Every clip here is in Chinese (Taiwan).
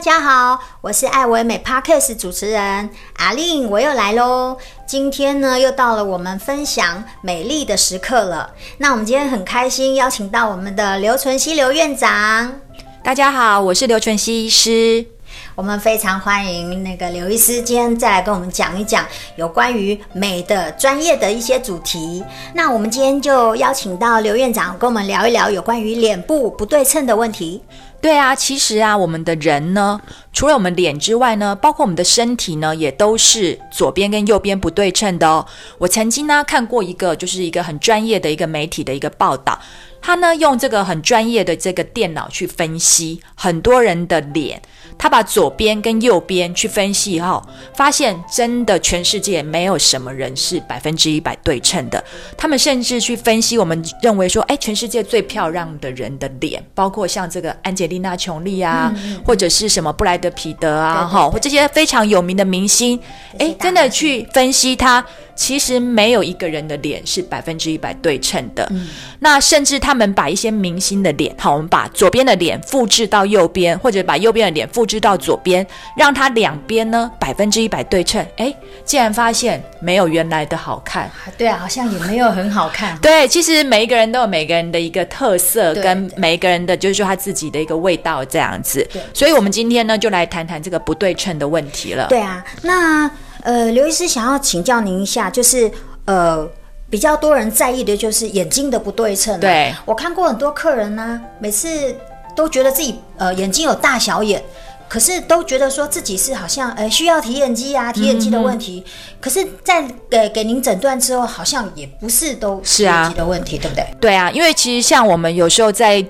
大家好，我是愛惟美 Podcast 主持人阿玲，lene, 我又來嘍。今天呢，又到了我們分享美麗的時刻了。那我們今天很開心，邀請到我們的劉淳熙劉院長。大家好，我是劉淳熙醫師。我們非常歡迎那個劉醫師今天再來跟我們講一講有關於美的專業的一些主題。那我們今天就邀請到劉院長跟我們聊一聊有關於臉部不對稱的問題。對啊，其實啊，我們的人呢，除了我們臉之外呢，包括我們的身體呢，也都是左邊跟右邊不對稱的哦。我曾經呢看過一個，就是一個很專業的一個媒體的一個報道他呢用這個很專業的這個電腦去分析很多人的臉。他把左邊跟右邊去分析哈、哦，發現真的全世界沒有什麼人是百分之一百對稱的。他們甚至去分析我們認為說，哎，全世界最漂亮的人的臉，包括像這個安潔莉娜·裘莉啊，嗯、或者是什麼布萊德·彼特啊，哈，或這些非常有名的明星，哎，真的去分析他。其實沒有一個人的臉是百分之一百對稱的，嗯、那甚至他們把一些明星的臉，好，我們把左邊的臉複製到右邊，或者把右邊的臉複製到左邊，讓它兩邊呢，百分之一百對稱，哎，竟然發現沒有原來的好看，對啊，好像也沒有很好看。 對，其實每一個人都有每個人的一個特色，對跟每一個人的就是說他自己的一個味道這樣子。對所以我們今天呢就來談談這個不對稱的問題了。對啊，那。呃，劉醫師想要請教您一下，就是呃，比較多人在意的就是眼睛的不對稱、啊。對，我看過很多客人呢、啊，每次都覺得自己呃眼睛有大小眼，可是都覺得說自己是好像呃、欸、需要提眼肌啊、提眼肌的問題，嗯、哼可是在給給您診斷之後，好像也不是都是的問題，啊、對不對？對啊，因為其實像我們有時候在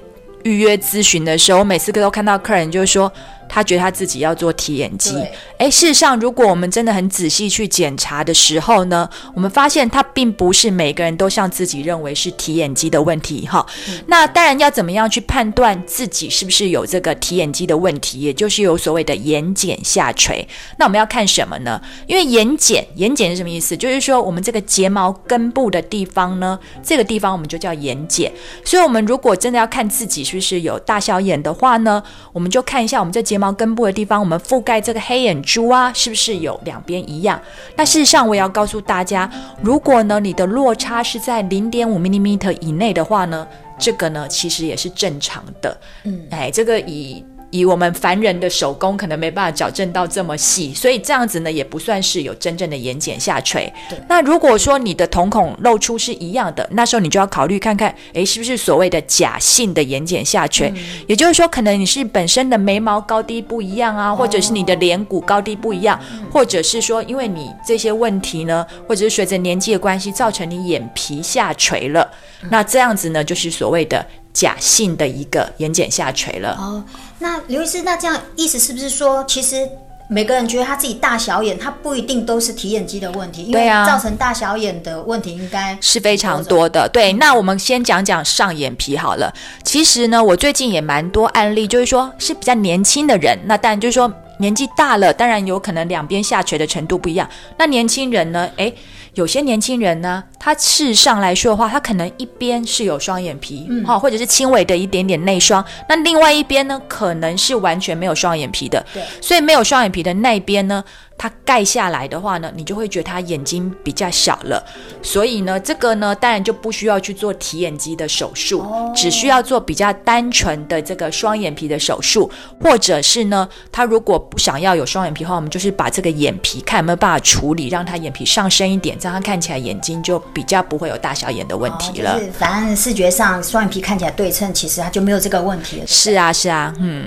預約諮詢的時候，我每次都看到客人就是說。他覺得他自己要做提眼肌，哎，對，事實上，如果我們真的很仔細去檢查的時候呢，我們發現他並不是每個人都像自己認為是提眼肌的問題。哈，嗯、那當然要怎麼樣去判斷自己是不是有這個提眼肌的問題，也就是有所謂的眼瞼下垂。那我們要看什麼呢？因為眼瞼，眼瞼是什麼意思？就是說我們這個睫毛根部的地方呢，這個地方我們就叫眼瞼。所以，我們如果真的要看自己是不是有大小眼的話呢，我們就看一下我們這睫毛。毛根部的地方，我們覆蓋這個黑眼珠啊，是不是有兩邊一樣？那事實上，我也要告訴大家，如果呢，你的落差是在零點五 mm 以內的話呢，這個呢其實也是正常的。嗯，哎，這個以。以我們凡人的手工，可能沒辦法矯正到這麼細，所以這樣子呢，也不算是有真正的眼瞼下垂。對那如果說你的瞳孔露出是一樣的，那時候你就要考慮看看，誒，是不是所謂的假性的眼瞼下垂？嗯、也就是說，可能你是本身的眉毛高低不一樣啊，或者是你的臉骨高低不一樣，哦、或者是說因為你這些問題呢，或者是隨着年紀的關係，造成你眼皮下垂了，嗯、那這樣子呢，就是所謂的。假性的一個眼瞼下垂了。哦，那劉醫師，那這樣意思是不是說，其實每個人覺得他自己大小眼，他不一定都是提眼肌的問題。對啊、因為造成大小眼的問題應該是非常多的。對，那我們先講講上眼皮好了。其實呢，我最近也蠻多案例，就是說是比較年輕的人。那當然就是說年紀大了，當然有可能兩邊下垂的程度不一樣。那年輕人呢？誒、欸，有些年輕人呢？它事實上來說的話，它可能一邊是有雙眼皮哈，嗯、或者是輕微的一點點內雙，那另外一邊呢，可能是完全沒有雙眼皮的。對，所以沒有雙眼皮的那邊呢，它蓋下來的話呢，你就會覺得它眼睛比較小了。所以呢，這個呢，當然就不需要去做提眼肌的手術，哦、只需要做比較單純的這個雙眼皮的手術，或者是呢，他如果不想要有雙眼皮的話，我們就是把這個眼皮看有沒有辦法處理，讓他眼皮上升一點，這樣他看起來眼睛就。比較不會有大小眼的問題了，哦，就是反正視覺上雙眼皮看起來對稱，其實它就沒有這個問題了。對對，是啊，是啊，嗯，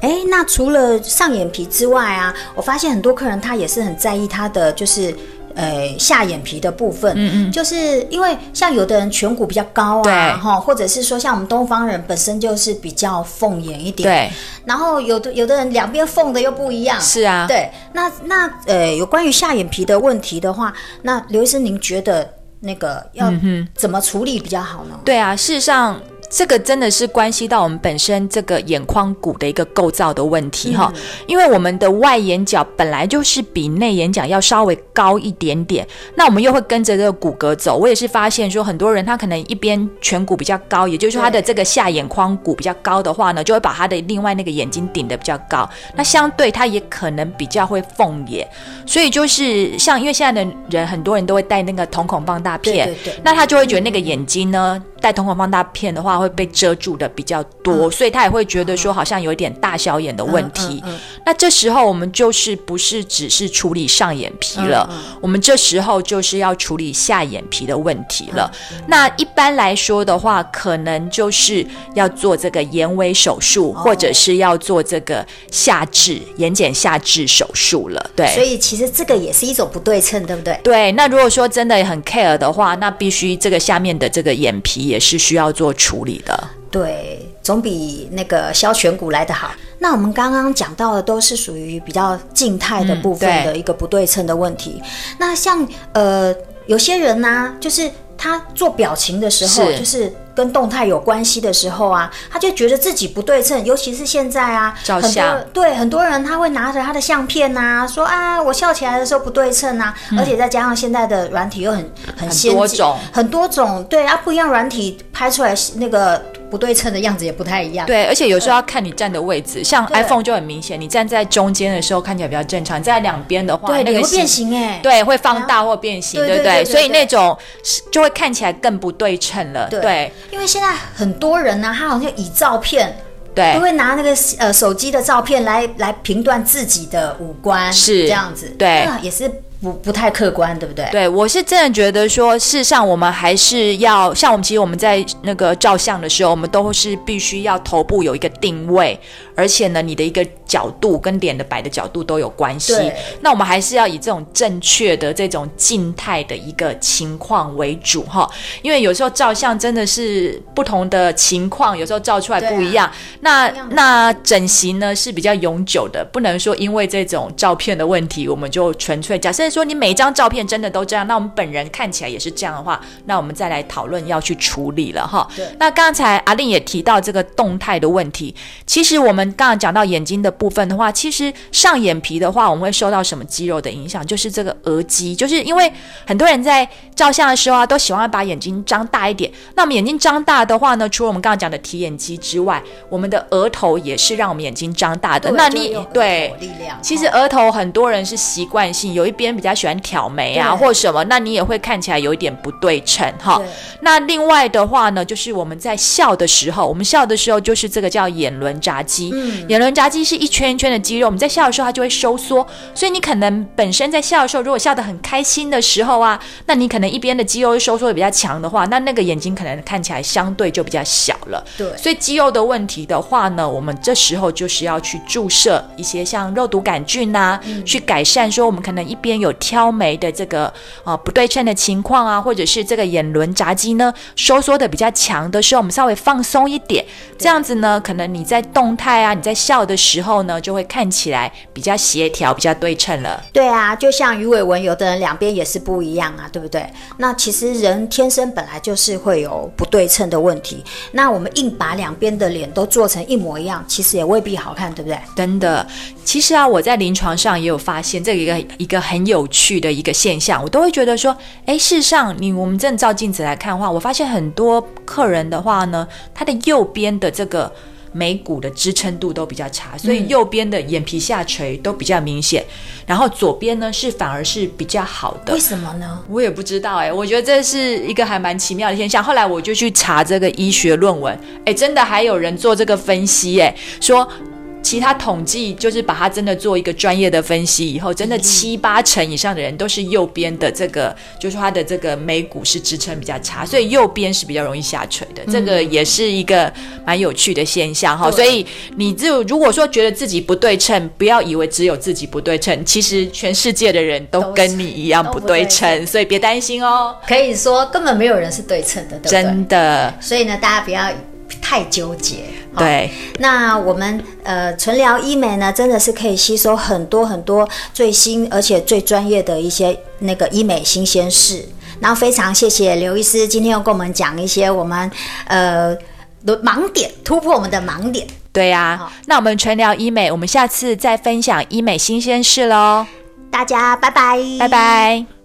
哎、欸，那除了上眼皮之外啊，我發現很多客人他也是很在意他的就是呃，下眼皮的部分，嗯嗯，就是因為像有的人顴骨比較高啊，哈對，或者是說像我們東方人本身就是比較鳳眼一點，對，然後有的有的人兩邊縫的又不一樣，是啊，對，那那呃有關於下眼皮的問題的話，那劉醫師您覺得？那個要怎麼處理比較好呢？嗯、哼對啊，事實上。這個真的是關係到我們本身這個眼眶骨的一個構造的問題哈、哦，因為我們的外眼角本來就是比內眼角要稍微高一點點，那我們又會跟着這個骨骼走。我也是發現說，很多人他可能一邊顴骨比較高，也就是說他的這個下眼眶骨比較高的話呢，就會把他的另外那個眼睛頂得比較高，那相對他也可能比較會鳳眼。所以就是像因為現在的人很多人都會戴那個瞳孔放大片，那他就會覺得那個眼睛呢。戴瞳孔放大片的話會被遮住的比較多，嗯、所以他也會覺得說好像有點大小眼的問題。嗯嗯嗯、那這時候我們就是不是只是處理上眼皮了，嗯嗯、我們這時候就是要處理下眼皮的問題了。嗯嗯、那一般來說的話，可能就是要做這個眼尾手術，嗯、或者是要做這個下至眼瞼下至手術了。對，所以其實這個也是一種不對稱，對不對？對，那如果說真的很 care 的話，那必須這個下面的這個眼皮。也是需要做處理的，對，總比那個削顴骨來的好。那我們剛剛講到的都是屬於比較靜態的部分的一個不對稱的問題。嗯、那像呃有些人呢、啊，就是他做表情的時候，是就是。跟動態有關係的時候啊，他就覺得自己不對稱，尤其是現在啊，照相，很多，對，很多人他會拿着他的相片吶，說啊，我笑起來的時候不對稱啊，嗯，而且再加上現在的軟體又很很先進，很多種，很多種，對啊，不一樣軟體拍出來那個。不對稱的樣子也不太一樣，對，而且有時候要看你站的位置，像 iPhone 就很明顯，你站在中間的時候看起來比較正常，站在兩邊的話，對，會變形，對，會放大或變形，對對，所以那種就會看起來更不對稱了，對，因為現在很多人呢，他好像以照片，對，會拿那個呃手機的照片來來評斷自己的五官，是這樣子，對，也是。不不太客觀，對不對？對，我是真的覺得說，事實上我們還是要像我們其實我們在那個照相的時候，我們都是必須要頭部有一個定位，而且呢，你的一個角度跟臉的擺的角度都有關係。對那我們還是要以這種正確的這種靜態的一個情況為主哈，因為有時候照相真的是不同的情況，有時候照出來不一樣。啊、那那整形呢、嗯、是比較永久的，不能說因為這種照片的問題，我們就純粹假設。說你每一張照片真的都這樣？那我們本人看起來也是這樣的話，那我們再來討論要去處理了哈。對那剛才阿令也提到這個動態的問題。其實我們剛剛講到眼睛的部分的話，其實上眼皮的話，我們會受到什麼肌肉的影響？就是這個額肌。就是因為很多人在照相的時候啊，都喜歡把眼睛張大一點。那我們眼睛張大的話呢，除了我們剛剛講的提眼肌之外，我們的額頭也是讓我們眼睛張大的。對那你對，其實額頭很多人是習慣性、嗯、有一邊。比較喜歡挑眉啊，對或什麼，那你也會看起來有一點不對稱哈。對那另外的話呢，就是我們在笑的時候，我們笑的時候就是這個叫眼輪匝肌。嗯，眼輪匝肌是一圈一圈的肌肉，我們在笑的時候它就會收縮。所以你可能本身在笑的時候，如果笑得很開心的時候啊，那你可能一邊的肌肉收縮的比較強的話，那那個眼睛可能看起來相對就比較小。了，對，所以肌肉的問題的話呢，我們這時候就是要去注射一些像肉毒桿菌吶、啊，嗯、去改善說我們可能一邊有挑眉的這個啊、呃、不對稱的情況啊，或者是這個眼輪匝肌呢收縮的比較強的時候，我們稍微放鬆一點，對這樣子呢，可能你在動態啊，你在笑的時候呢，就會看起來比較協調，比較對稱了。對啊，就像魚尾紋，有的人兩邊也是不一樣啊，對不對？那其實人天生本來就是會有不對稱的問題，那。我們硬把兩邊的臉都做成一模一樣，其實也未必好看，對不對？真的，其實啊，我在臨床上也有發現這個、一個一個很有趣的一個現象，我都會覺得說，哎，事實上，你我們正照鏡子來看的話，我發現很多客人的話呢，他的右邊的這個。眉骨的支撐度都比較差，所以右邊的眼皮下垂都比較明顯，嗯、然後左邊呢是反而是比較好的，為什麼呢？我也不知道哎、欸，我覺得這是一個還蠻奇妙的現象。後來我就去查這個醫學論文，哎、欸，真的還有人做這個分析哎、欸，說。其他統計就是把它真的做一個專業的分析以後，真的七八成以上的人都是右邊的這個，就是它的這個眉骨是支撐比較差，所以右邊是比較容易下垂的。嗯、這個也是一個蠻有趣的現象哈。所以你就如果說覺得自己不對稱，不要以為只有自己不對稱，其實全世界的人都跟你一樣不對稱，對稱，所以別擔心哦。可以說根本沒有人是對稱的，對不對？真的。所以呢，大家不要太糾結。對，那我們呃淳聊醫美呢，真的是可以吸收很多很多最新而且最專業的一些那個醫美新鮮事。然後非常謝謝劉醫師今天又跟我們講一些我們呃的盲點，突破我們的盲點。對呀，啊，哦，那我們淳聊醫美，我們下次再分享醫美新鮮事嘍。大家拜拜，拜拜。